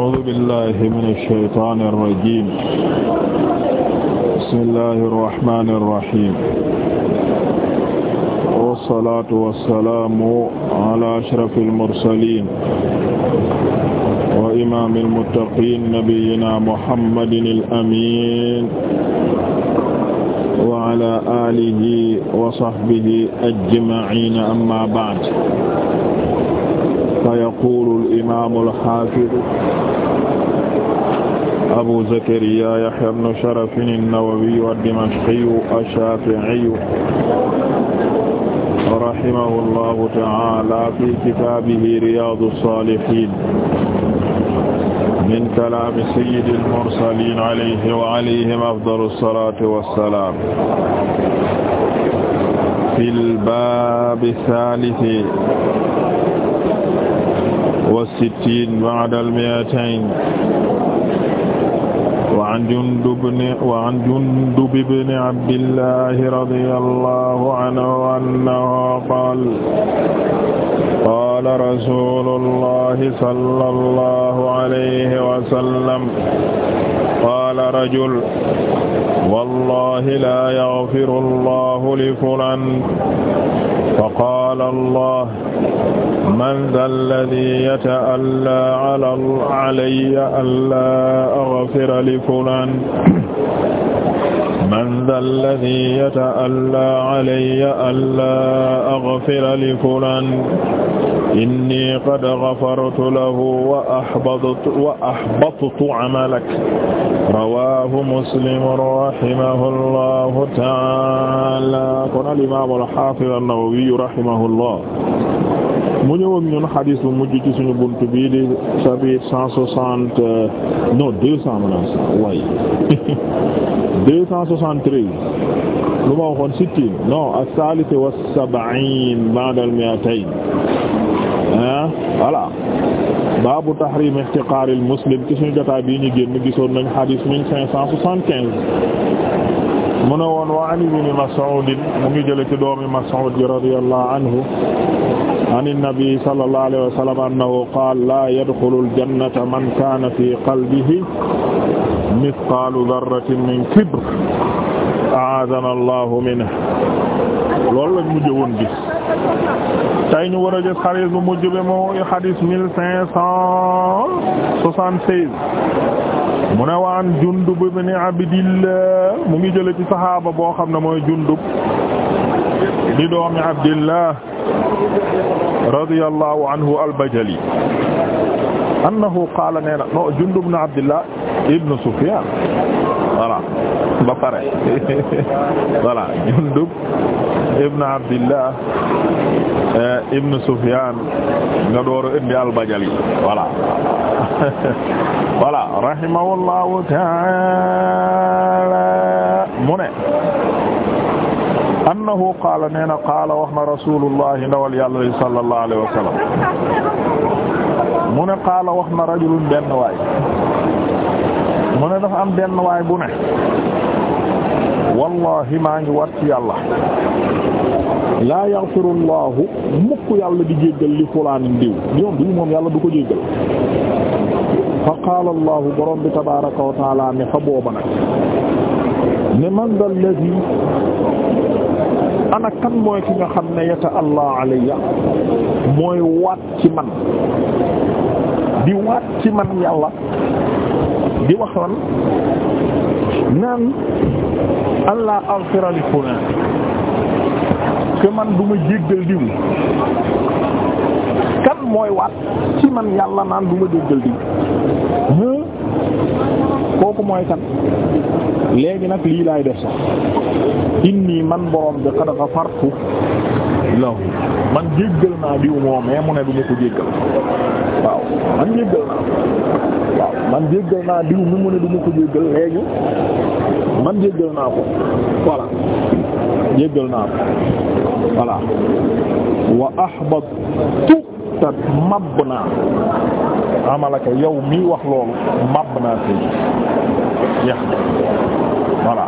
a'uuzu billaahi mina shaytaani rajiim bismillaahi rahmaani rahiim wassalaatu wassalaamu alaa ashrafil mursaliin wa imaamil muttaqiin nabiyyinaa Muhammadinil amiin wa alaa aalihi wa sahbihi ajma'iin ammaa ba'd imaamul haafiz abu zakariya yahya ibnu sharafin an-nawawi ad-dimashqi ash-shaafi'i rahimahullahu ta'aala fi kitaabihi riyaadus-saalihiin min kalaami sayyidil mursaliin alayhi wa alayhim afdalu salaatu wa salaam fil baabi saalisi wa sittiin ba'da al-mi'atayn wa an Jundub ibn Abdillah radiyallahu anhu annahu qaala qaala rasuulullahi sallallahu alayhi wa sallam qaala rajul wallaahi laa yaghfiru Allahu li fulaan faqaala Allah man dha alladhii yata'allaa alayya allaa aghfira li fulaan man dha alladhi yata'alla alayya allaa aghfira li fulaan inni qad ghafartu lahu wa ahbadtu wa ahbattu 'amalak rawaahu muslim rahimahullahu ta'aala kon al-imaam al-haafiz an-Nawawi rahimahullah mu ñëw ak ñun xadis bu mujj ci suñu buntu bii di chapitre cent soixante non deux cent menace waaye deux cent soixante treize lu ma waxoon sittin non as-salis wa sab'in ba'da al-mi'atayn ah voilà baabu tahrim ihtiqar al-muslim ci suñu jotaay bii ñu génn gisoon nañ xadis mille cinq cent soixante quinze mu ne woon wa an ibni Mas'ud mu ngi jële ci doomi Mas'ud radiyallahu anhu an nabi sallallahu alayhi wa sallam annahu qaala laa yadxulu al-jannata man kaana fi qalbihi mithqaalu darratin min kibr a'aadana Allahu minhu loolu lañ mujj woon gis tey ñu war a gis xadis bu mujj bi mooy xadis mille cinq cent soixante-seize mu ne waan Jundub ibn Abdillah mu ngi jële ci saxaaba boo xam ne mooy Jundub di doomi Abdillah radiyallahu anhu al-Bajali annahu qaala nee na no Jundub ibn Abdillah ibn Sufyan voilà ba pare voilà Jundub ibn Abdillah eh, ibn Sufyan nga door indi al-Bajali voilà voilà rahimahullahu ta'ala mu ne annahu qaala nee na qaala wax na Rasulullah ndawal yàlla sallallahu alayhi wa sallam mu ne qaala wax na rajulun benn waay mu ne dafa am benn waay bu ne wallahi maa ngi wat ci yàlla laa yaghfiru llaahu mukk yàlla di jéggal li fulaanin diw ñoom diw moom yàlla du ko jéggal fa qaala allaahu borom bi tabaaraka wa taala ne fa booba nag ne man dal ladhi ana kan mooy ki nga xam ne yata allah alayya mooy waat ci man di waat ci man yàlla di wax naan allah aghfira li fulan que man du jéggal diw kan mooy waat ci man yàlla naan du ma diw kooku mooy kan léegi nag lii laay def sax inni man borom bi qad ghafartu lahu man jéggal naa diw moomee mu ne du ma ko jéggal waaw man jéggal naa waaw man jéggal naa diw mi mu ne du ko jéggal léegi man jéggal naa ko voilà jéggal naa ko voilà wa ahbatu te mab naa amalaka ah, yow mii wax loolu mab naa tey jeex na voilà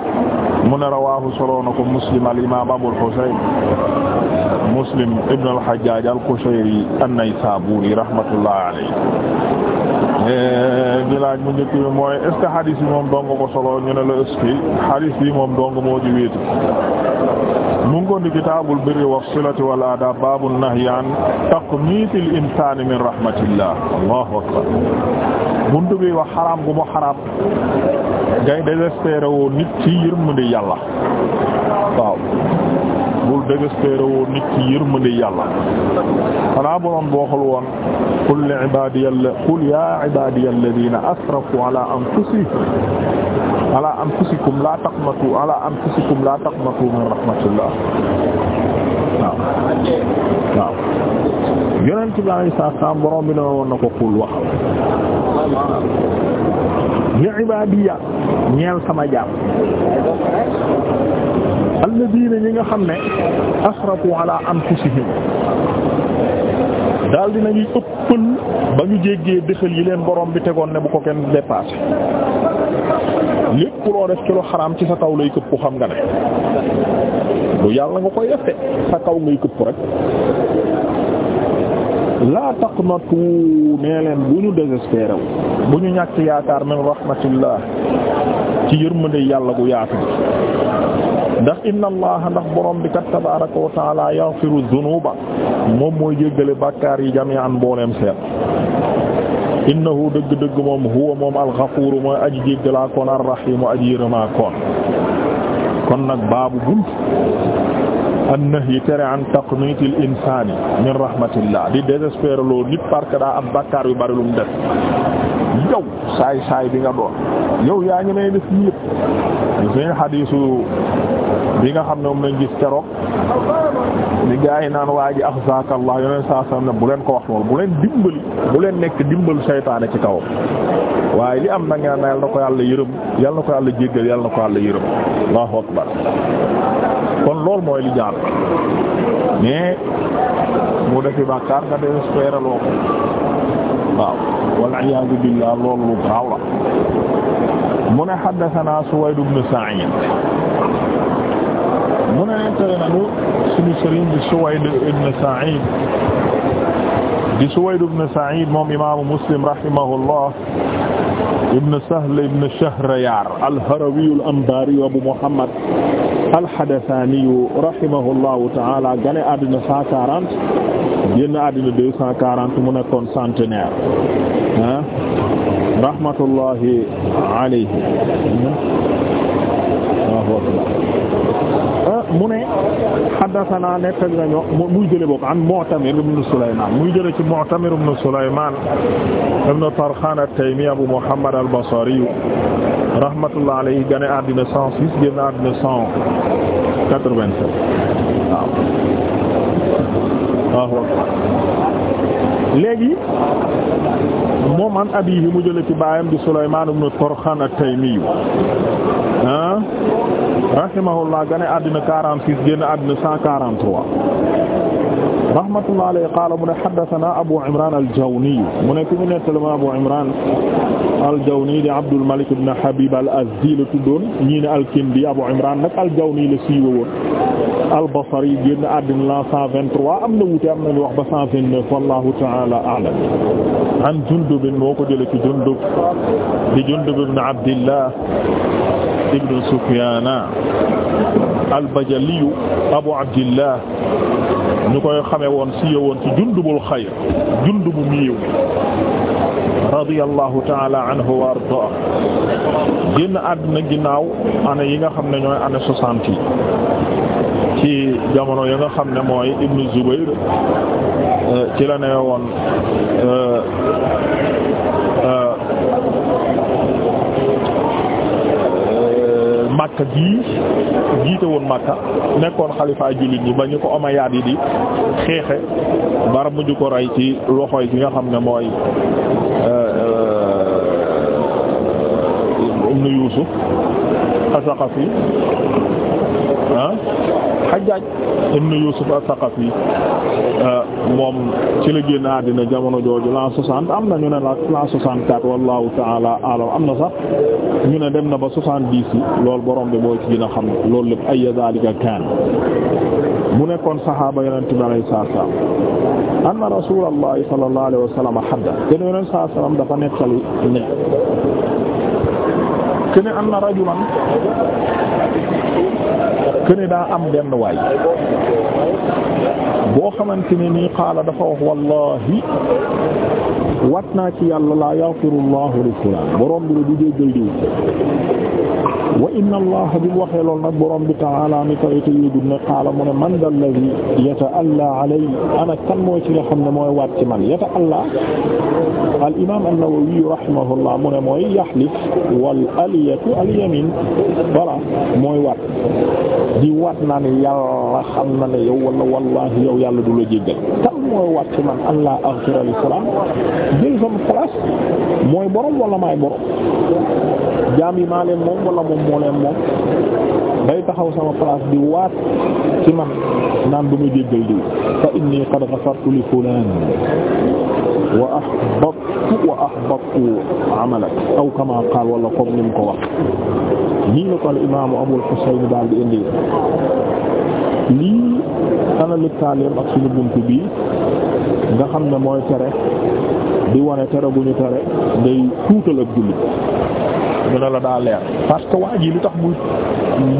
mu ne rawaahu solo na ko muslim al imaam abul husayn muslim ibn al hajjaj al qushayri an-naysaburi rahmatullahi alayhi eh, di laaj mu njëkk bi mooy est ce que hadith bi moom dong ko solo ñu ne la est ce que hadith bi moom dong moo di wéetu mu ngi ko di kitaabul birri was-silati wal adab babun nahyi min rahmatillah allahu akbar buntu bi wax xaraam gu mu xaraam ngay désespéré woo nit ci yërmande yàlla waaw bul désespérer woo nit ci yërmande yàlla xanaa boroom boo xol woon qul li ibadiya qul ya ibadiya alladhina asrafu ala anfusihim ala anfusikum la taqnatu ala anfusikum la taqnatu min rahmatillah waaw waaw yonent bi alayhi salaam boroom bi ne woon na ko qul waxal ya ibadiya ñeel sama jaam alladina ñi nga xam ne asrafu ala anfusihim daal dinañuy ëppal ba ñu jéggee dëxal yi leen borom bi tegoon ne bu ko kenn dépassé lépp loo def ci lu xaraam ci sa kaw lay këpp xam nga ne lu yàlla nga koy def sa kaw ngay këpp rek laa taqnatu nee leen bu ñu désespéré bu ñu ñàkk yaakaar min rahmatillah ci yërmande yàlla gu yaatu ndax inna allaha ndax borom bi kat tabaraka wa taala yaghfiru dhunuba moom mooy jéggale bàkkaar yi jami'an mbooleem seet innahu dëgg moom huwa moom al-ghafuur mooy aji jéggalaa koon ar-rahiim aji yërëmaa koon kon nag baabu bunt an-nahyi tere an taqniitil insaani min rahmatillah di désespérer loo nit parce que daa am bàkkaar yu bari lu def yow saay saay bi nga doon yow yaa ngi ne def yëpp ñu fi bi nga xam ne moom lañ gis keroog li gaa yi naan waa ji axzakallah yoneen saa sallam ne bu leen ko wax lool bu leen dimbali bu leen nekk dimbalu seytaane ci kaw waaye li am na nga na yal na ko yàlla yërëm yal na ko yàlla jéggal yal na ko yàlla yërëm allahu akbar kon lool mooy li jaar mais mu defi bàkkaar nga def feeraloo ko waaw wal iyaadu billaah loolu lu gaaw la mu ne haddasanaa Suwayd ibn Sa'iid mu ne nettali nañu suñu sëriñ di Suwayd ibn Sa'id di Suwayd ibn Sa'id moom imaamu Muslim rahimahullah ibn Sahl ibn Shahriyar al-Harawi al-Anbari Abu Muhammad al-Hadathani rahimahullahu ta'ala gane àddina 140 génn àddina 240 mu nekkoon centenaire ah rahmatullahi alayhi mu ne haddathana nettali nañu muy jële bokk an mu ibn Sulaymaan muy jële ci Mu'tamir ibn Sulaymaan ibn Tarxaan at-Taymi Abu Muhammad al-Basri rahmatullah alayhi gane àddina 106 génn àddina 187 waaw waaw léegi moom an abiihi mu jële ci baayam di Sulaymaan ibn Tarxaan at-Taymi ah rahimahullah gane àddina 46 génn àddina 143 rahmatullah alayhi qaala mu ne haddathana Abu Imran al-Jawni mu ne ku ñu nettali ma Abu Imran al-Jawni di Abdul Malik ibn Habib al-Azdi la tuddoon ñii ne al-Kindi Abu Imran nag al-Jawni la siiwe woon al-Basri génn àddina la 123 am na wuute am nañu wax ba 129 wallahu ta'ala a'lam an Jundub moo ko jëlee ci Jundub di Jundub ibn Abdillah Muhammad ibn Sufyaan al-Bajali Abu Abdillah ñu koy xamee woon siiwee woon ci Jundubul xayr Jundub mu yiw radiyallahu ta'ala anhu wa ardaa génn àddina ginnaaw année yi nga xam ne ñooy année soixante yi ci jamono yi nga xam ne mooy Ibn Zubayr euh, ci la ne woon euh, euh, Makka gii jiite woon Makka nekkoon xalifaay jullit ñi ba ñu ko Omeyyades yi di xeexe bara mujj ko rey ci loxoy ki nga xam ne mooy euh, Ibn Yusuf Asaqafi ah Hajjaj ibn Yusuf as-Saqafi ah, moom ci la génn àddina jamono jooju l'an soixante am na ñu ne la l'an soixante quatre wallahu ta'ala a'lam am na sax ñu ne dem na ba soixante dix lool borom bi boo ci gën xam loolu lépp ay zalika kaan mu nekkoon saxaaba yonent bi alayhi salaam anna rasulullahi sallallahu alayhi wa sallam hadda kenn yonent sallallahu alayhi dafa nettali ne kenn anna rajulan këne daa am benn waay boo xamante ne nii xaala dafa wax wallahi wat naa ci yàlla laa yaghfirullahu li fulaan borom bi du jéggal diw wa inna allaha bi mu waxee lool nag borom bi ta'ala mi kawite yéegul ne qaala mu ne man dal ladhi yata'alla alay ana kan mooy ci xam ne mooy waat ci man yata'alla al imam an-Nawawi rahimahullah mu ne mooy yahlif wal aliyatu al yamin voilà mooy waat di waat naa ne yàlla xam yow wala wallahi yow yàlla du la jéggal kan mooy waat ci man allah aghfira li fulaan jël sama place mooy borom wala maay borom jaam yi maa leen moom wala moom moo leen moom day taxaw sama place di waat ci man naan du ma jéggal di fa inni qad ghafartu li fulan wa ahbattu wa ahbattu amalak aw kama qaal wala comme ni mu ko wax nii la ko al imaamu Abul Husayn daal di indi lii ana lëkkaaleem ak suñu buntu bii nga xam ne mooy tere di wane tere bu ñu tere day tuutal ak jullit ñu ne la daa leer parce que waa ji li tax mu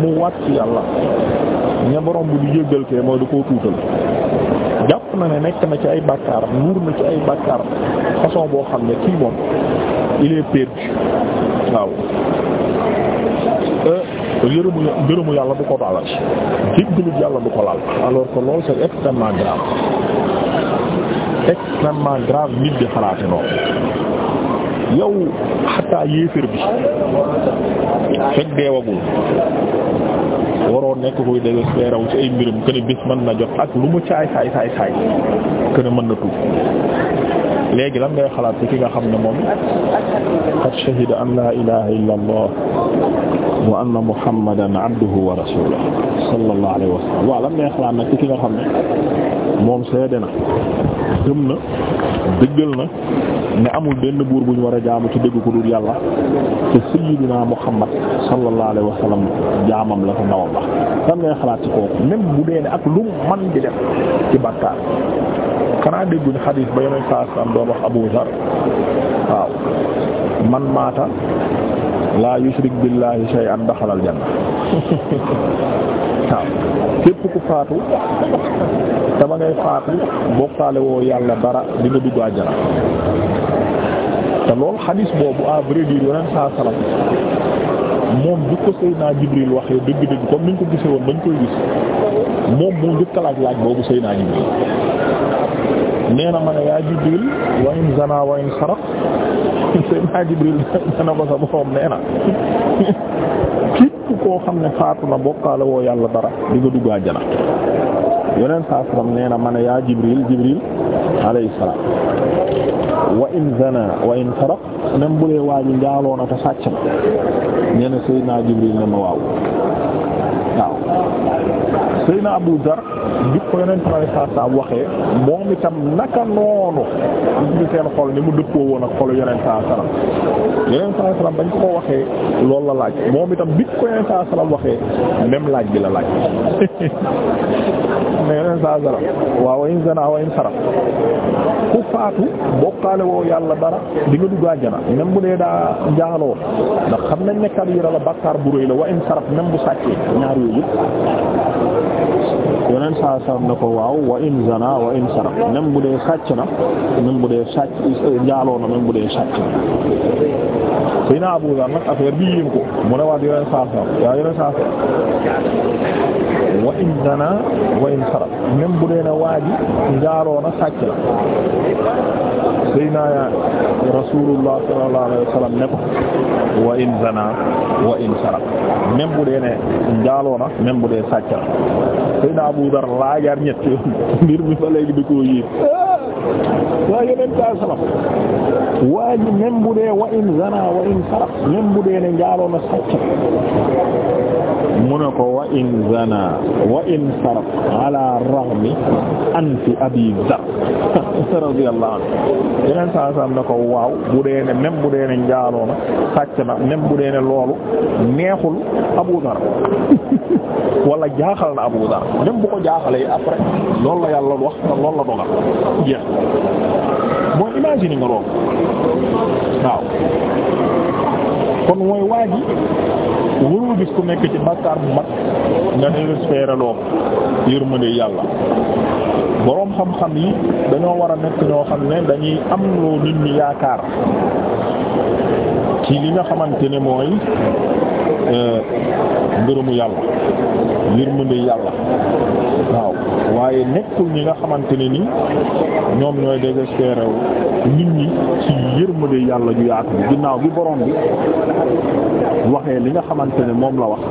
mu waat ci yàlla ña borom bi du jéggal kee mooy da koo tuutal jàpp na ne nekk na ci ay bàkkaar nuur na ci ay bàkkaar façon boo xam ne kii moom il est perdu waaw euh, yërëmu yërëmu yàlla du ko yàlla du ko laal alors que lool c'est extrêmement grave extrêmement grave nit di xalaate noonu yaw xataa yéeféer bi fekk deewagul waroo nekk kuy désespéré wu ci ay mbirum kën a bis mën na jot ak lu mu caay saay saay saay kën a mën na tuub léegi lan ngay xalaat ci ki nga xam ne moom qad shahida an la ilaha illa allah wa anna muhammadan abduhu wa rasuluhu sallallahu alayhi wa sallam waaw ki moom seede na gëm na dëggal na ne amul benn buur bu ñu war a jaamu ci dëgg ko dul yàlla te sayyidina muhammad sallallahu alayhi wa jaamam la ko ndawam la lan ngay xalaat ci kooku même bu dee ne ak lu man di def ci bàkkaar xanaa dégguñu xadiis ba yeneen saa saam doon wax Abu Zar waaw man maata laa yushrik billahi shay'an daxalal janna waaw képp ku faatu dama ngay faatu bokkaale woo yàlla dara di nga dugg te lool xadiis boobu à vrai dire yeneen salam moom bi ko Seydina Jibril waxee dëgg-dëgg comme niñ ko gisee woon bañ koy gis moom moo njëkk laaj laaj boobu Seydina Jibril nee na ma yaa Jibril wa in zana wa in saraq Seydina Jibril dana ko sa borom nee na koo xam ne faatu na bokkaale woo yàlla dara di nga dugg àjjana yeneen saa salaam nee na ma ne yaa Jibril Jibril alayhi salaam wa in zana wa in saraq même bu dee njaaloona te sàcc na nee na Seydina Jibril ne ma waaw waaw. Seyna Abu Dar bi ko Yonent bi saa saa waxee moom itam naka noonu gis seen xol ni mu dëppoo woon ak xolu Yonent saa salaam Yonent saa salaam bañ ko ko waxee loolu la laaj moom itam bi ko Yonent saa salaam waxee même laaj bi la laaj mais Yonent saa salaam waaw in woo yàlla dara di nga dugg àjjana bu dee daa njaaloo ndax xam nañ ne kabira la bakkaar bu rëy la wa in saraf même bu sàccee ñaar yooyu yeneen saa saam ne ko waaw wa in zana wa in saraq même bu dee sàcc na même bu dee sàcc njaaloo bu dee sàcc na sëy na Abu Zar nag affaire bi yéen ko mu ne waat yeneen saa saa saam wa in zana wa in saraq même bu dee na waa ji njaaloo na sayna rasulullah sallallahu ne ko wa zana wa in sarak bu dee ne njaaloo na même dee sàcc na Abu Dar laajaar ñett yoon mi fa di ko yéen waa yeneen dee wa zana wa in sarak dee ne njaaloo na mu ne ko wa in zana wa in saraq ala raghmi anfi abi dhar radiyallahu anhu yeneen saa saam ne ko waaw bu dee ne même bu dee ne njaaloo na sàcc na même bu dee ne loolu neexul abu dhar wala jaaxal na abu dhar même bu ko jaaxalee après loolu la yàlla wax te loolu la dogal jeex mooy imagine nga loolu waaw kon mooy waa ji warul gis ku nekk ci bàkkaar bu mag nga espérer loo yërmande yàlla boroom xam-xam yi dañoo war a nekk ñoo xam ne dañuy am loo nit ñi yaakaar ci li nga xamante ne mooy euh, ngërëmu yàlla yërmande yàlla waaw waaye nekkul ñi nga xamante ne ni ñoom ñooy désespéré wu nit ñi ci yërmande yàlla ju yaatu bi ginnaaw bi borom bi waxee li nga xamante ne moom la wax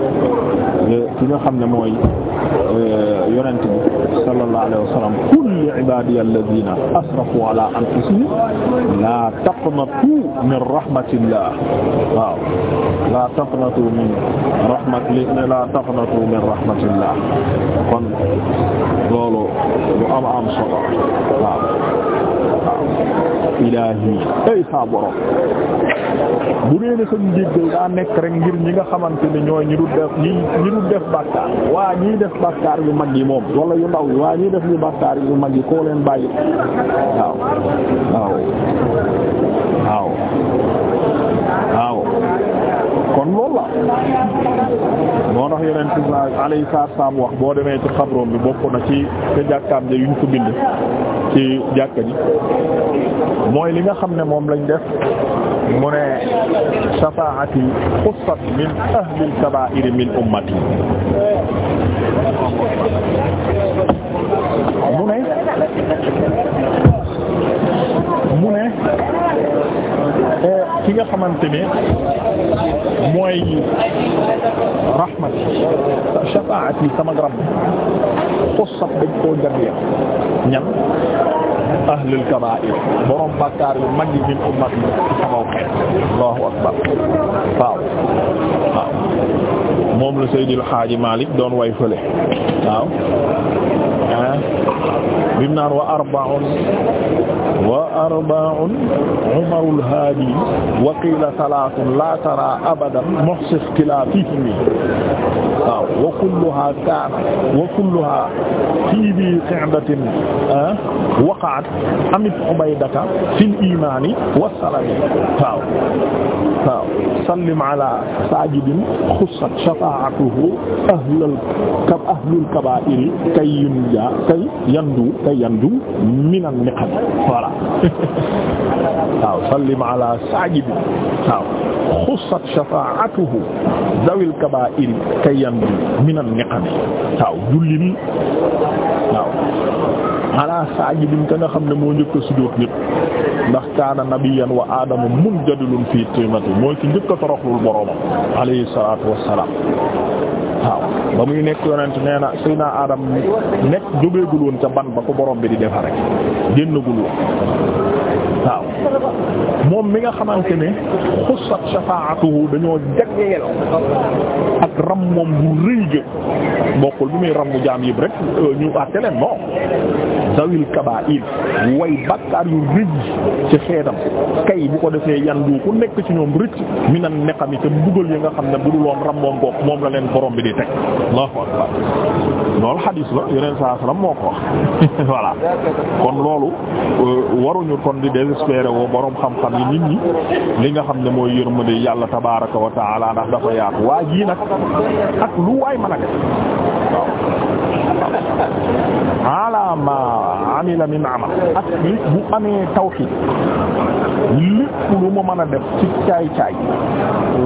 ki nga xam ne mooy euh, yonent bi sallallahu alayhi wa sallam qul li ibadiya alladhina asrafu ala anfusihim la taqnatu min rahmatillah waaw la taqnatu min rahmatillah la taqnatu min rahmatillah kon solo lu am am solo waaw waaw ilaahi ay saa borom bu dee ne sax njéggal daa nekk rek ngir ñi nga xamante ni ñooy ñi du def ñi ñi du def bàkkaar waa ñiy def bàkkaar yu mag yi moom wala yu ndaw yi waa ñiy def yu bàkkaar yu mag yi koo leen bàyyi waaw waaw waaw waaw kon loolu la moo tax yeneen tisnag alayhi salaam wax boo demee ci xabroom bi bokk na ci te jàkkaam ja yuñ ko bind ci jàkka ji mooy li nga xam ne moom lañ def mu ne shafaati xussat min ahlil kabaa'ir min ummati mu ne mu ne eh, ki nga xamante ne mooy rahmat shafaati sama garab xussat dañ koo jagleel ñan ahlul kabaa'ir borom bàkkaar yu mag yi min ummat yi ci sama xeet allahu akbar waaw waaw moom la Seydil Haaji Malik doon way fële waaw ah bim naan wa arba'un wa arba'un umarul haadi wa qiila salaatun laa taraa abadan muhsa ixtilaafihim waaw wa kulluhaa kaana wa kulluhaa fii bi qi'datin waqa'at amit ubaydata fil iimaani wassalami waaw waaw sallim alaa saajidin khussat shafaa'atuhu ahlul kabaa'iri kay dunya kay yandu kay yandu minan niqam voilà waaw sallim ala sajidi waaw xussat shafaa'atuhu dawil kabaa'iri kay yandu minan niqam waaw jullil waaw ala sajidin ka nga xam ne moo njëkk a sujjóot ñépp ndax kaana nabiyyan wa aadamu munjadilun fii timati mooy ki njëkk a toroxlul boroomam alayhi salaatu wassalaam waaw ba muy nekk yonent nee na Seydina Adam nekk jógeegul woon ca ban ba ko borom bi di defar rek génnagul woon waaw moom mi nga xamante ne xussat shafaa'atuhu dañoo jagleel ak ram moom bu rëy ga bokkul bi muy ram mu jaam yëpp rek euh, ñu àtte leen non zawil kaba'ir woy bakkaar yu rëj ci xeetam kay bu ko defee yan du ku nekk ci ñoom rëcc minan neqami te mbugal yi nga xam ne bu dul woon rammoon goog moom la leen borom bi di teg allahu akbar loolu xadiis la yeneen saa salaam moo ko wax voilà kon loolu euh, waruñu kon di désespérer woo borom xam-xam yi nit ñi li nga xam ne mooy yërmande yàlla tabaaraka wa ta'ala ndax dafa yaatu waa jii nag ak lu waay mën a def waaw ala ma amila min ak bu amee tawhid lépp lu mu mën a def ci caay caay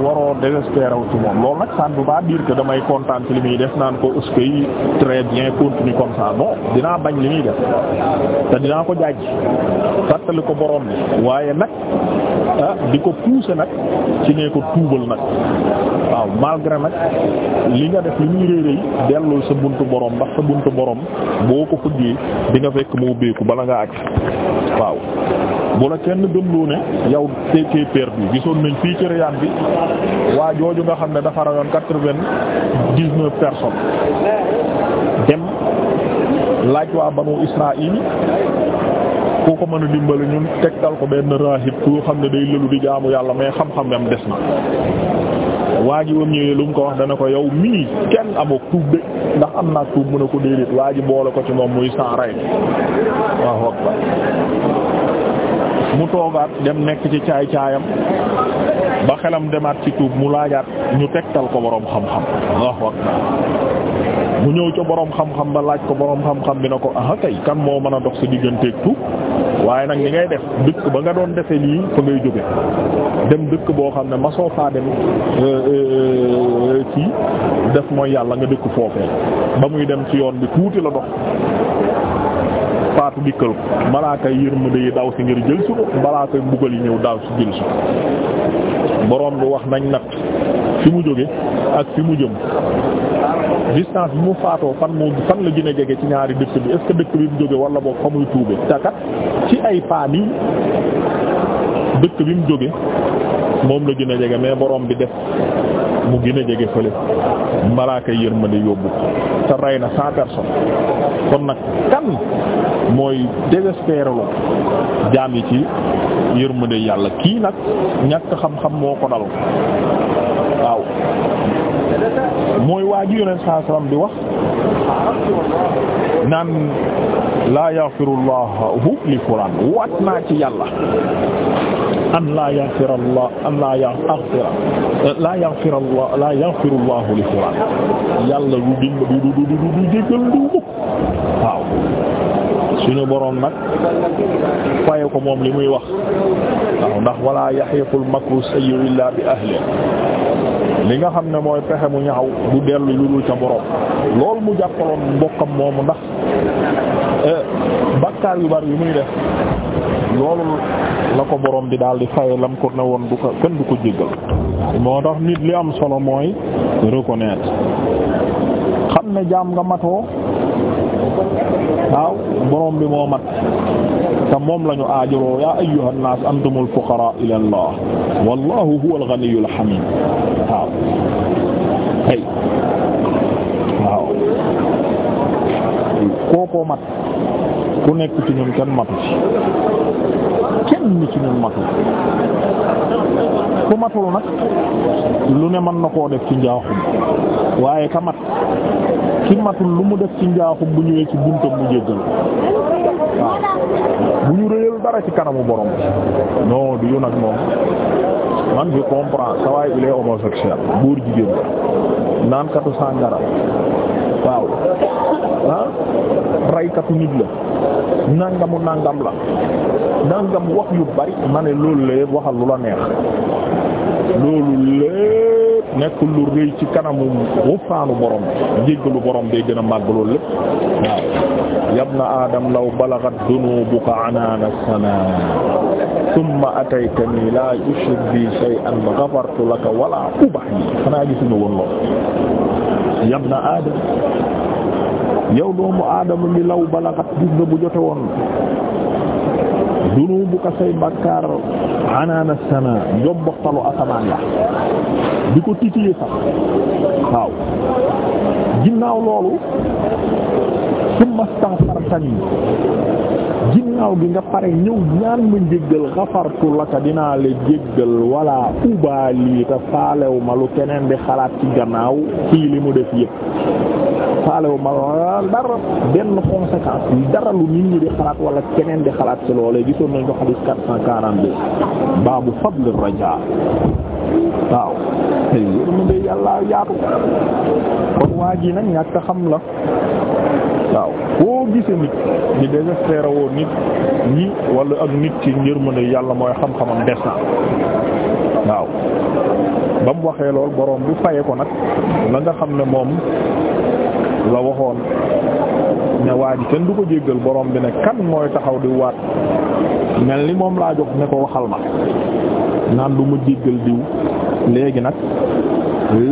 waroo désespérer wu ci moom loolu nag ça ne veut pas damay content ci li muy def naan ko est-ce bien continue comme ça non dinaa bañ li muy def te dinaa ko jaaj fàttali ko borom bi waaye nag Ah, di ko pousser nag ci nee ko tuubal nag waaw malgré nag li nga def li muy réeréy dellul sa buntu boroom ndax sa buntu borom boo ko fëggee di nga fekk moo béeku bala nga àgg waaw bu la kenn gëmloo ne yow tey perdu gisoon nañ fii ci Riyad bi waa jooju nga xam ne dafa rayoon quatre-vingt-dix-neuf personnes dem laaj waa banu Israël ku ko mën a dimbali ñun tegtal ko benn raahib koo xam ne day lëlu di jaamu yàlla mais xam-xam am des na waa ji wam ñëwee lu mu ko wax dana ko yow mii kenn amoo tuub de ndax am naa tuub mën a ko déedéet waa ji boole ko ci moom muy sans mu toogaat dem nekk ci caay caayam ba xelam demaat ci tuub mu laajaat ñu tegtal ko boroom xam-xam waaw ak mu ñëw ca boroom xam-xam ba laaj ko boroom xam-xam bi na ko ah kay kan moo mën a dox sa digganteeg tuub waaye nag li ngay def dëkk ba nga doon defee nii fa ngay jóge dem dëkk boo xam ne ma soo faa dem ci euh, euh, euh, def mooy yàlla nga dëkk foofee ba muy dem ci yoon bi tuuti la dox faatu dikkal ko malaakay yërmande yi daw si ngir jël si ko malaaka yi ñëw daw ci jël si boroom bi wax nañ natt fi mu jóge ak fi mu jëm distance bi mu faatoo fan moo fan la gën a jege ci ñaari dëkk bi est-ce que dëkk bi mu jóge wala boog fa muy tuube takat ci ay paa dëkk bi mu jóge moom la gën a jege mais boroom bi def mu gën a jege fële malaaka yërmande yóbbu te rey na cent personnes kon nag kan mooy désespéré lu yi ci yërmande yàlla kii nag ñàkk xam-xam moo ko dal waaw mooy waa ji yoneen saa salaam di wax naan laa yaxfirullahu li fulaan waat naa ci yàlla an laa yaghfira Allah an laa yaghfira laa yaghfira Allah laa yaghfiru Allah li fulaan yàlla du dimb du du du du jéggal du boroom nag faye ko moom li muy wax waaw ndax wala yahiqul makru sayyi'u illa bi ahli li nga xam ne mooy pexe u ñaaw du dellu lu dul ca boroom loolu mu jàppaloon mbokkam moomu ndax eh, bakkaar yu bari yu muy loolu la ko borom bi daal di faye lam ne woon du ko kenn du ko jéggal moo tax nit li am solo mooy reconnaître xam ne jaam nga matoo waaw borom bi moo mat te moom lañu aajuroo yaa ayyuhan naas antumul fuqaraa ila Allah wallahu huwal ghaniyyul hamiid waaw hey waaw kookoo mat ku nekk ci ñun kenn matu ci kenn ci ñun matu ku matul nag lu ne mën na koo def ci njaaxum waaye ka mat ki matul lu mu def ci njaaxum bu ñëwee ci buntam mu jéggal waaw bu ñu réyal dara ci kanamu borom non du yoon ak moom man je comprends sa waay il est homosexuel góor jigéen la naan katu sàngara waaw ah raykatu nit la nangamu nangam la nangam wax yu bari ma ne loolu lépp waxal lu la neex loolu lépp nekkul lu rëy ci kanamu wufaanu borom njéggalu borom day gën a màgg loolu lépp waaw yabna aadam law balagat dunubuka anaana samaa thumma ataytani laa ushrik bi shay'an ghafartu laka wala ubah yi xanaa gisuñu woon lool yabna aadam yow doomu aadama mi law balaxat gis nga bu jote woon dunu bu say bàkkaar anaana sana njomboxtalu asamaan la di ko titiye sax waaw ginnaaw loolu summa staghfartani ginnaaw gi nga pare ñëw ñaan ma njéggal xafartu laka dinaa la jéggal wala ubaali te faalew ma lu keneen di xalaat ci gannaaw fii li mu def yëpp faale wu ma dara benn conséquence bi dara lu nit ñi di xalaat wala keneen di xalaat ci loolee gisoon nañ ko xadiis 442 baabu fadl rajaa waaw ay yërmande yàlla yaatu kon waa ji nag ñàkk xam la waaw boo gisee nit di désespéré woo nit ñi wala ak nit ci yërmande yàlla mooy xam-xamam des na waaw ba waxee lool boroom bi faye ko nag la nga xam ne moom la waxoon ne waa ji kenn du ko jéggal boroom bi ne kan mooy taxaw di waat mel ni moom laa jox ne ko waxal ma naan du ma jéggal diw léegi nag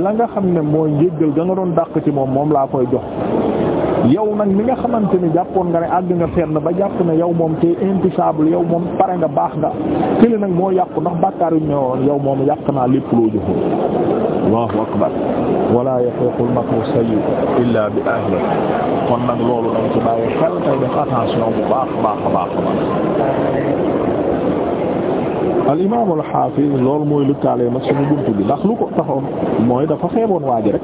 la nga xam ne mooy jéggal ga nga doon dàq ci moom moom laa koy jox yow nag mi nga xamante ni jàppoon nga ne àgg nga na ba jàpp na yow moom te intouchable yow moom pare nga baax nga kële nag moo yàqu ndax bàkkaar yu ñëwoon yow moom yàq naa lépp loo joxoon allahu akbar wala yahiqul makru sayyi illa bi ahli kon nag loolu dañ ci bàyyi xel tay def attention bu baax baax baax baax al imaam al loolu mooy lëkkaale ma suñu buntu bi ndax lu ko taxoon mooy dafa xeeboon waa ji rek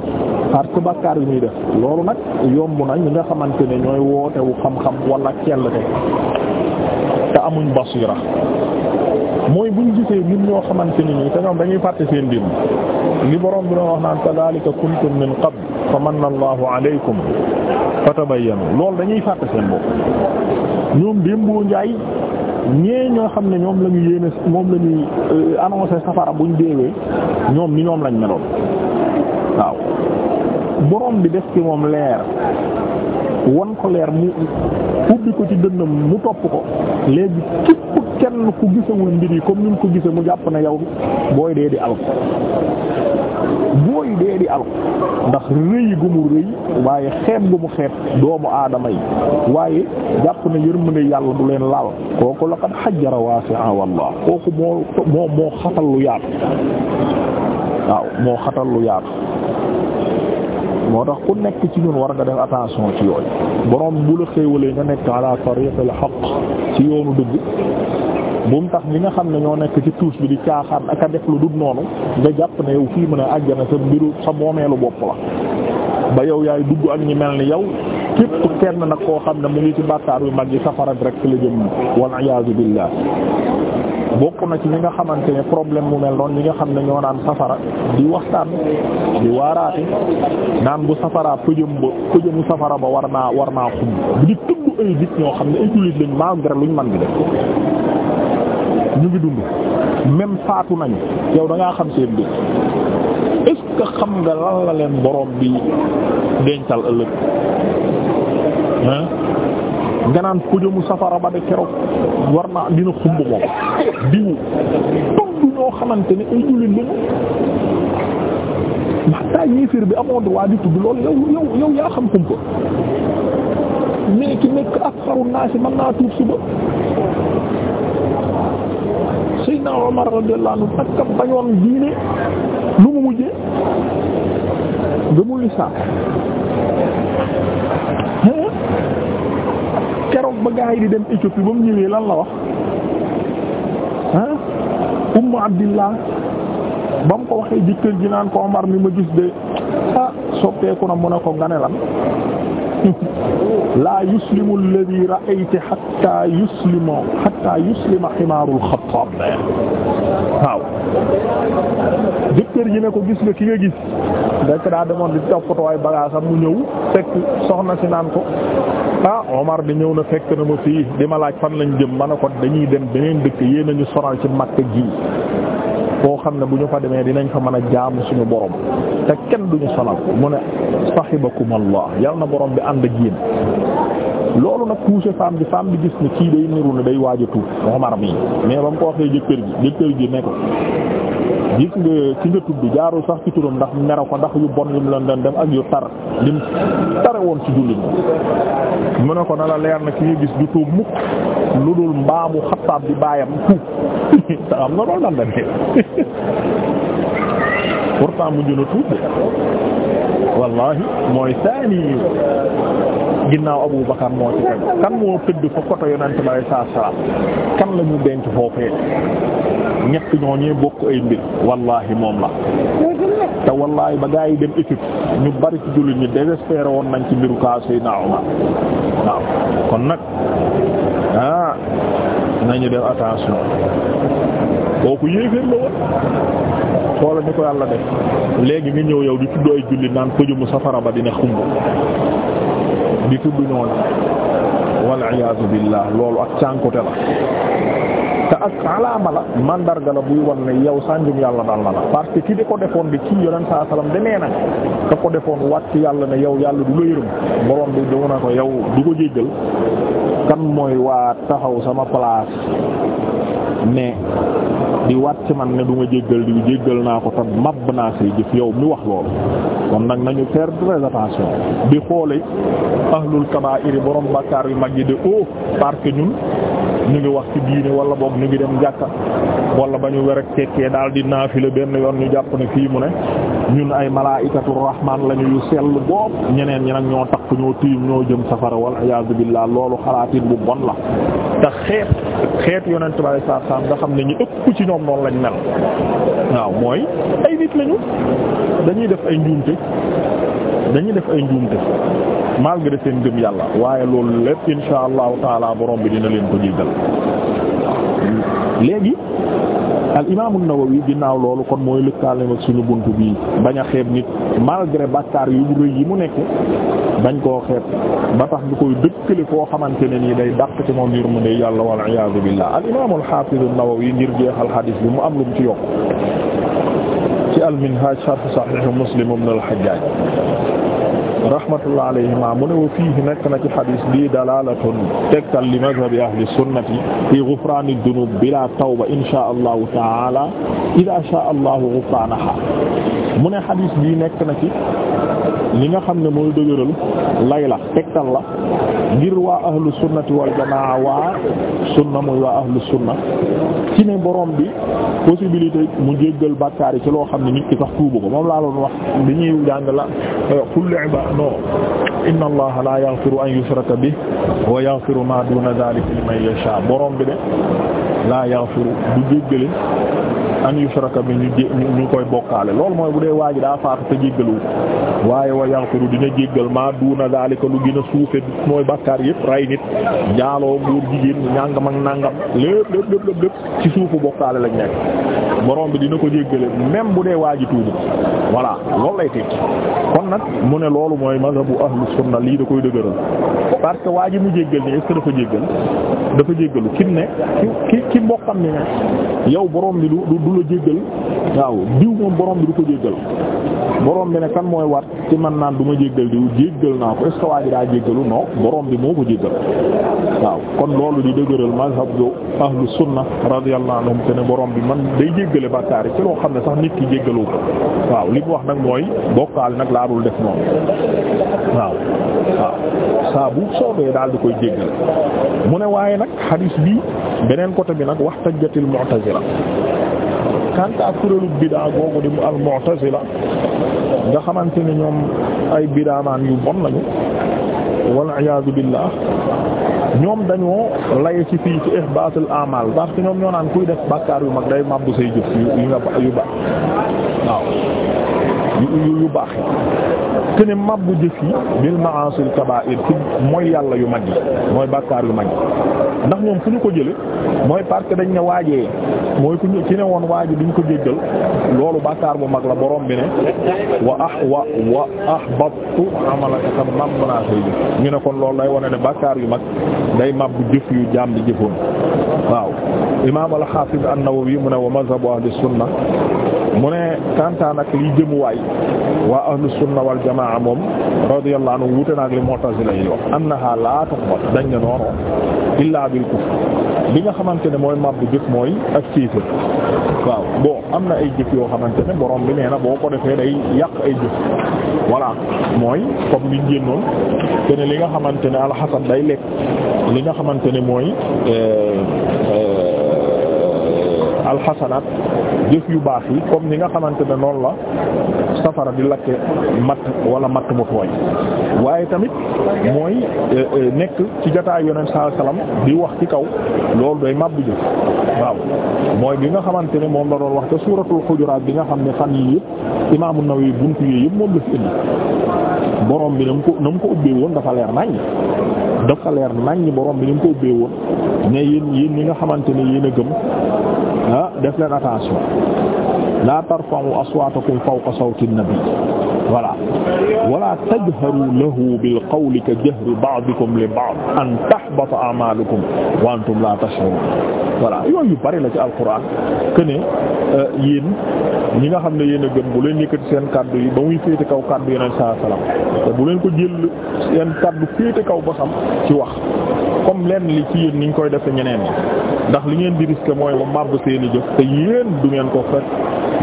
parce que bàkkaar yi muy def loolu nag yomb na ñu nga xamante ne ñooy wootewu xam-xam wala kell te te amuñ basiira mooy buñ gisee nit ñoo xamante ni nii te ñoom dañuy fàtte seen mbir li borom bi doon wax naan kadhalika kuntum min qabl fa manna allahu alaykum fatabayyanu loolu dañuy fàtte seen bopp ñoom démboo njaay ñee ñoo xam ne ñoom lañuy ñu yéene moom la ñuy euh, annoncé safara buñ deewee ñoom ni ñoom lañ meloon waaw boroom bi def ci moom leer wan ko leer mu ubbi ko ci dënnam mu topp ko léegi képp kenn ku gisawul mbir yi comme ni mu ko gisee mu jàpp na yow booy dee di alko booy dee di alko ndax rëy gu mu rëy waaye xeeb gu mu xeeb doomu aadama yi waaye jàpp na yërmande yàlla du leen laal kooku laqad hajjara wasi'a wallah kooku moo moo moo xatal lu yaatu waaw moo xatal lu yaatu moo tax ku nekk ci ñun war nga def attention ci yooyu borom bu la xéewalee nga nekk ala tariqil haqq ci yoonu dëgg bu mu tax ñi nga xam ne ñoo nekk ci tuus bi di caaxaan ak a def lu dul noonu nga jàpp ne yow fii mën a àjjana sa mbiru sa moomeelu bopp la ba yow yaay dugg ak ñi mel ni yow képp kenn nag koo xam ne mu ngi ci bàkkaar yu mag yi safara rek la jëm wal iyaazu billah bokk na ci ñi nga xamante ne problème mu mel noonu ñi nga xam ne ñoo naan safara di waxtaan di waaraate naan bu safara pëjëm ba pëjëmu safara ba war naa war naa xum di tudd ay nit ñoo xam ne ay jullit lañ malgré luñ man bi def ñu ngi dund même faatu nañu yow da ngaa xam seen dëkk est xam nga lan la leen borom bi dencal ëllëg nga naan pëjëmu safara ba de keroog war na dina xumb moom diwu tudd ñoo xamante ne ay jullit lañu xataa yéeféer bi amoon droit di ki nekk akfaru naasi mën naa tuub suba Seydina mu mujjee ba yi di dem Éthiopie ba mu ñëwee lan la wax ah ummu abdillah ba mu ko waxee jëkkër ji naan ko Omar mi ma gis de ah soppeeku na mu ne ko nga ne lan laa yuslimu alladhi ra'ayta hatta yuslima hatta yuslima himaarul xattaab waaw jëkkër ji ne ko gis nga ki nga gis da daa demoon di toppatoo ay bagaasam mu ñëw fekk soxna si naan ko ah Omar bi ñëw na fekk na ma fii di ma laaj fan lañ jëm ma ne ko dañuy dem beneen dëkk yéen ñu sonal ci Makka gi boo xam ne bu ñu fa demee dinañ fa mën a jaamu suñu borom te kenn duñu sonal mu ne sahibakumullah yal na borom bi ànd ak yéen loolu nag poussé femme bi femme bi gis ne kii day niru ne day waaj a tuub Omar mii mais ba mu ko waxee jëkkër jëkkër ji ne ko gis nga ci nga tudd jaarul sax ci turam ndax mero ko ndax yu bon yum lan doon dem ak yu tar lim tare woon ci jullit ñi mu ne ko na la leer na ki nga gis du tuub mukk lu dul mbaamu xattaab bi baayam tuub te am na loolu daan da pourtant mujj na tuub de wallahi mooy saani ginnaaw Abu Bakar moo ci tegu kan moo tëdd fa côté yonent bi alayhi salaatu kan la ñu denc foofee ñett ñooñee bokk ay mbir wallahi moom la te wallahi ba gaa yi dem Éthiopie ñu bari ci jullit ñi désespéré woon nañ ci mbiru kaa Seydina Omar waaw kon nag ah nañu def attention kooku yéeféer la woon xoola ni ko yàlla de léegi nga ñëw yow di tudd ay jullit naan pëjumu safara ba dina xumb di tudd ñooñu wal iyaazu billah loolu ak cànkute la te ak alaama la mandarga la buy wan ne yow sànjum yàlla dal na la parce que ki di ko defoon di ci yonent saa salaam danee na ka ko defoon wàcc yàlla na yow yàlla du la yërëm borom bi dama na ko yow du ko jéggal kan mooy waa taxaw sama place ne di waat man ne du ma jéggal di jéggal naa ko tam mab naa say jëf yow mi wax loolu kon nag nañu faire très attention di xoole ahlul kabaa'ir borom bakkaar yu mag yi de o oh, park que ñun ñu ngi wax ci diine wala boog ñu ngi dem jàkka wala ba ñu werek tekkee daal di naafila benn yoon ñu jàpp ne fii mu ne ñun ay malaa'ikatu rahmaan lañu yu sell boob ñeneen ñi nag ñoo takk ñoo tiim ñoo jëm safara wal iyaazu billaah loolu xalaatin bu bon la te xeet xeet yonent bi sallallahu alayhi nga xam ne ñu ëpp ci ñoom noonu lañ mel waaw mooy ay nit lañu dañuy def ay njuumte dañuy def ay njuumte malgré seen gëm yàlla waaye loolu lépp insha allahu taala borom bi dina leen ko jéggal léegi al imaamu Nawawi ginnaaw loolu kon mooy lëkkaaleem ak suñu bunt bii bañ xeeb nit malgré bàkkaar yu rëy yi mu nekk bañ koo xeeb ba tax ñu koy dëkkale koo xamante ne nii day dàq ci moom mu yërmande yàlla wal iyaazu billaah al imaamu al xaafizu Nawawi ngir jeexal xadiis bi mu am lu mu ci yokk ci al minhaaj sharh sahih Muslim ibn al rahmatullah alayhima mu ne wa fiihi nekk na ci xadis bi dalalatun tegtal li mazhabi ahli sunnati fi ghufrani dunub bila tawba insha allahu taala ida sha allahu ghufranaha mu ne xadis bi nekk na ci li nga xam ne mooy dëgëral lay la tegtal la ngir waa ahlu sunnati wal jamaa waa sunna muy waa ahlu sunna ci ne borom bi possibilité mu jéggal bàkkaar yi ci loo xam ne ñu ki sax tuubu ko moom laa doon wax li ñuy jàng la kullu ibaad no inna allaha la yaghfiru an yushraka bihi wa yaghfiru ma duna dhalika liman yasha borom bi de la yaghfiru du jéggale an yushraka bi ñu koy bokkaale loolu mooy bu dee waa daa faatu te jéggalu waaye wa dina jéggal ma duna dhalika lu gën a suufe mooy bakkaar yëpp ray nit njaaloo góor jigéen ñàngam ak nàngam lépp lépp lépp lépp ci suufu bokkaale lañ nekk borom bi dina ko jéggale même bu dee waaji tuubu voilà loolu lay tekki kon nag mu ne loolu mooy bu ahlu sunna lii da koy dëgëral parce que waaji mu jéggal ni est-ce que dafa jéggal dafa jéggalu kim ne ki ki ki mbokkam ni ne yow borom bi du du la jéggal waaw diw moom borom bi du ko jéggal borom bi ne kan mooy wat ci man naan du ma jéggal diw jéggal naa ko est ce que waa ji daa jéggalu non borom bi moo ko jéggal waaw kon loolu di dëgëral mazhab bu ahlu sunna radiyallahu anhum te borom bi man day jéggale bàkkaar yi ci loo xam ne sax nit ki jéggalu ko waaw li mu wax nag mooy bokkaal nag laa dul def noonu waaw waaw saa bu soobee daal di koy jéggal mu ne waaye nag hadis bi beneen wax tajjatil mu'tazila mu'tazila kanta kuréelu bidaa googu di mu al la nga xamante ni ñoom ay bidaamaan yu bon lañu wal iyaadu billaah ñoom dañoo laye ci fii ci ihbaatul amal parce que ñoom ñoo naan kuy def bàkkaar yu mag day mabbu say jëf yu yu nga yu ba waaw yu baax yi te ne mabbu jëf yi bil ma'asil kaba'ir ci mooy yàlla yu mag yi mooy bàkkaar yu mag ndax ñoom fu ñu ko jële mooy parce que dañ ne waajee mooy ku ñu ci ne woon waaji duñ ko jéggal loolu bàkkaar bu mag la borom bi ne wa ah wa wa ahbatu amalaka sa mab naa say ñu ne kon lool day wane ne bàkkaar yu mag day mabbu jëf yu jaam di jëfoon waaw imaam al-Hafiz an-Nawawi mu ne wa mazhabu ahli sunna mu ne kantaan ak liy jëmuwaay waa ahlu sunna wal moom radiyallahu anhu wuute na ak li mu'tazila yi wax annaha la tuqbal dañ ne noonu illa bil kufr li nga xamante ne mooy mabbu jëf mooy ak ciifar waaw bon am na ay jëf yoo xamante ne boroom bi nee na boo ko defee day yàq ay jëf voilà mooy comme liñ génnoon te ne li nga xamante ne alxasan day lekk li nga xamante ne mooy euh, euh, alxasanaat jëf yu baax yi comme ni nga xamante ne noonu la safara di lakke matt wala matt mu tooy waaye tamit mooy eh, eh, nekk ci jotaayu yonent saa di wax ci kaw loolu day mabbu jëf waaw mooy bi nga xamante ne moom la doon wax te suuratul xujuraat bi nga xam ne fan yii yëpp imaamu Nawawi buntu yii yëpp moom la fi indi borom bi na mu ko na mu ko ubbee woon dafa leer naññ dafa leer naññ borom bi na mu ko ubbee woon ne yéen yéen ñi nga xamante ne yéen a gëm. ah def leen attention la tarfa'u aswaatakum fawqa sawti nabi voilà wala tajharu lahu bil qawli ka jahri ba'dikum li ba'd an tahbata a'malukum wa antum la tash'urun voilà yooyu bari la ci alquran que ne euh, yéen ñi nga xam ne yéen a gëm bu leen yëkkati seen kaddu yi ba muy féete kaw kaddu yeneen saa salaam te bu leen ko jël seen kaddu féete kaw bosam ci wax. comme lenn li ci yéen ni koy defee ñeneen ñi ndax li ngeen di risque mooy mu màbb seen i jëf te yéen du ngeen ko fekk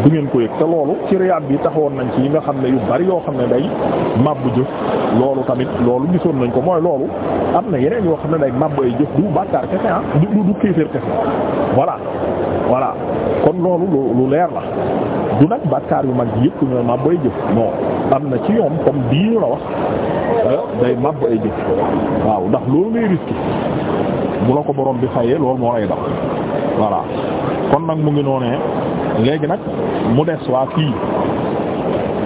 du ngeen ko yëg te loolu ci riyaat bi taxawoon nañ ci yi nga xam ne yu bari yoo xam ne day màbb jëf loolu tamit loolu gisoon nañ ko mooy loolu am na yeneen yoo xam ne day màbb ay jëf du bàkkaar kese ah du du kéefër kese voilà voilà kon loolu lu leer la du nag bàkkaar yu mag yëpp ñooy màbb ay jëf moo am na ci ñoom comme bii ñu la wax euh, day màbb ay jëf waaw ndax loolu ngay risqué bu la ko boroom bi fayee loolu moo lay dal voilà kon nag mu ngi noonee léegi nag mu des waa kii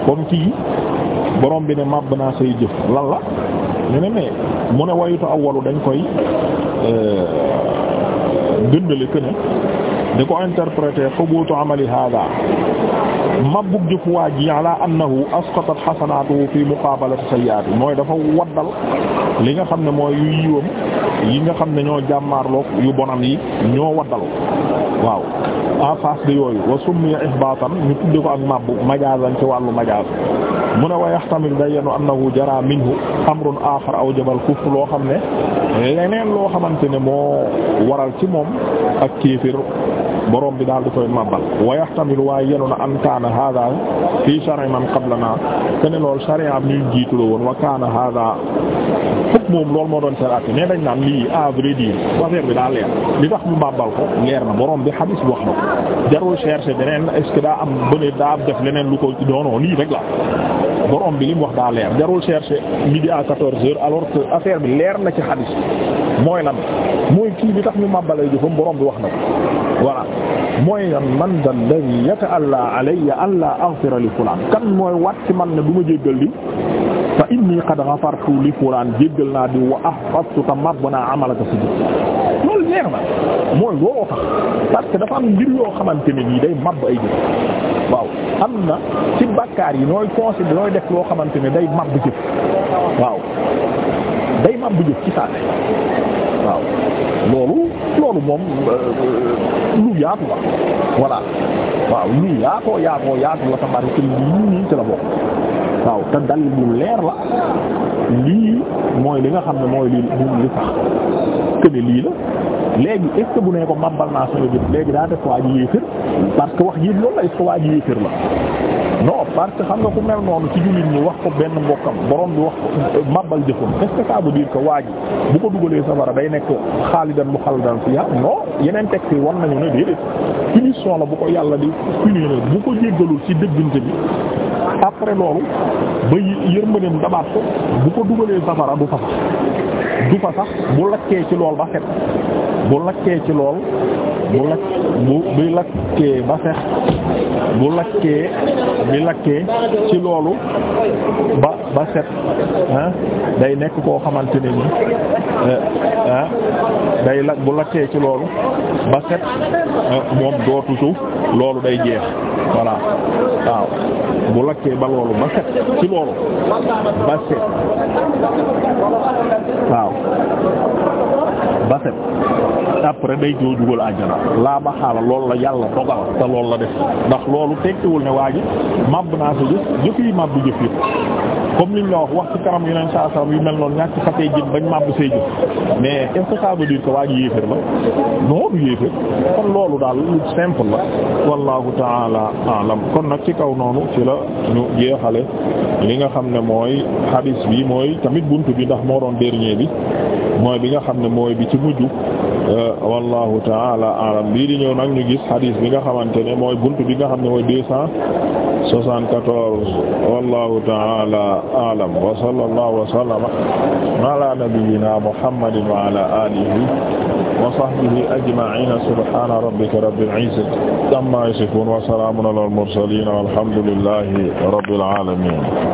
comme kii borom bi ne màbb naa say jëf lan la ñu ne mais mu ne wayutu awwalu dañ koy gëndale euh, que di ko interprété xubuutu amali hada mabbug jëf waa ji ala annahu asqatat xasanaatu fi muqaabalati sayyi'aati mooy dafa waddal li nga xam ne mooy yu yiwam yi nga xam ne ñoo jàmmaarlook yu bonam yi ñoo waddal waaw en face de yooyu wa summiya ihbaatan ñu tudde ko ak mabbu majaazan ci wàllu majaaz mu ne wa yaxtamil bayyanu annahu jaraa minhu amrun aaxar aw jabal kufr loo xam ne leneen loo xamante ne moo waral ci moom ak kéefir borom bi daal di koy mabal wa yahtamilu waaye yenu na an kaana hada fii shar'i man qablana kene lool sharia am ñuy jiitu la woon wa kaana hada xukk moom loolu moo doon seen àtte mais dañ naan lii à vrai dire affaire bi daa leer li tax mu bàbbal ko leer na borom bi xadis bi wax na ko jarul chercher beneen est-ce que daa am bëne daa def leneen lu ko doono lii rek la borom bi li mu wax daa leer jarul chercher midi à quatorze heures alors que affaire bi leer na ci xadis mooy lan mooy kii bi tax ñu màbbalay jëfam borom bi wax na ko voilà mooy lan man da alladhi yata'alla alayya alla aghfira li fulan kan mooy wat ci man ne du ma jéggal li fa inni qad ghafartu li fulaan jéggal naa di wa ahfaztu ta mab naa amalaka si jëf loolu leer na mooy looloo tax parce que dafa am mbir yoo xamante ne nii day mab ay jëf waaw am na ci bàkkaar yi nooy considéré nooy def loo xamante ni day mab jëf waaw day mab jëf ci saate waaw loolu loolu moom euh, lu yaatu la voilà waaw lu yaatoo yaatoo yaatu la sa bari te lii nii ci la bokk waaw te dal bu leer la lii mooy li nga xam ne mooy li li tax këne lii la léegi est ce bu nee ko mabal naa sama jëf léegi daa def waa yéefër parce que wax yëpp loolu la est ce que waa ji yéefër la non parce que xam nga ku mel noonu ci jullit ñi wax ko benn mbokkam borom bi wax ko mabal jëfam est ce que ça veut dire que waa ji bu ko dugalee safara day nekk xaalidan muxalladan fiha non yeneen textes yi war nañu ne déedéet punition la bu ko yàlla di punir bu ko jéggalul ci bi après loolu ba yërmandeem dabaat ko bu ko dugalee safara du fa sax du fa sax bu lakkee ci lool ba set bu lakkee ci lool bu lakk bi lakkee ba set bu lakkee bi lakkee ci loolu ba ba set ah day nekk koo xamante ne ni Eh, ah day lag bu lakkee ci loolu ba set ah, moom dootu loolu day jeex voilà waaw lakkee ba loolu ba set ci loolu ba set waaw ba set après day joo jugal àjjana laa ba xaala loolu la yàlla dogal te loolu la def ndax loolu tekkiwul ne waa màbb naa sa jëf jëf yi màbb comme liñ la wax wax ci kanam yeneen saa saa yu mel noonu ñàkk fatee jëm bañ màbb see jëm mais est-ce que ça veut dire que waa la non du kon loolu daal lu simple la wallahu taala alam kon nag ci kaw noonu ci la ñu jeexale li nga xam ne mooy hadis bi mooy tamit bunt bi ndax moo doon dernier bi mooy bi nga xam ne mooy bi ci mujj euh, wallahu taala alam bii di ñëw nag ñu gis hadis bi nga xamante ne mooy bunt bi nga xam ne mooy deux 74 wallahu taala alam wa sallallahu wa sallama ala nabiyyina muhammadin wa ala alihi wa sahbihi ajma'ina subhana rabbika rabbil izzati amma yasifun wa salamun alal mursalin walhamdulillahi rabbil alamin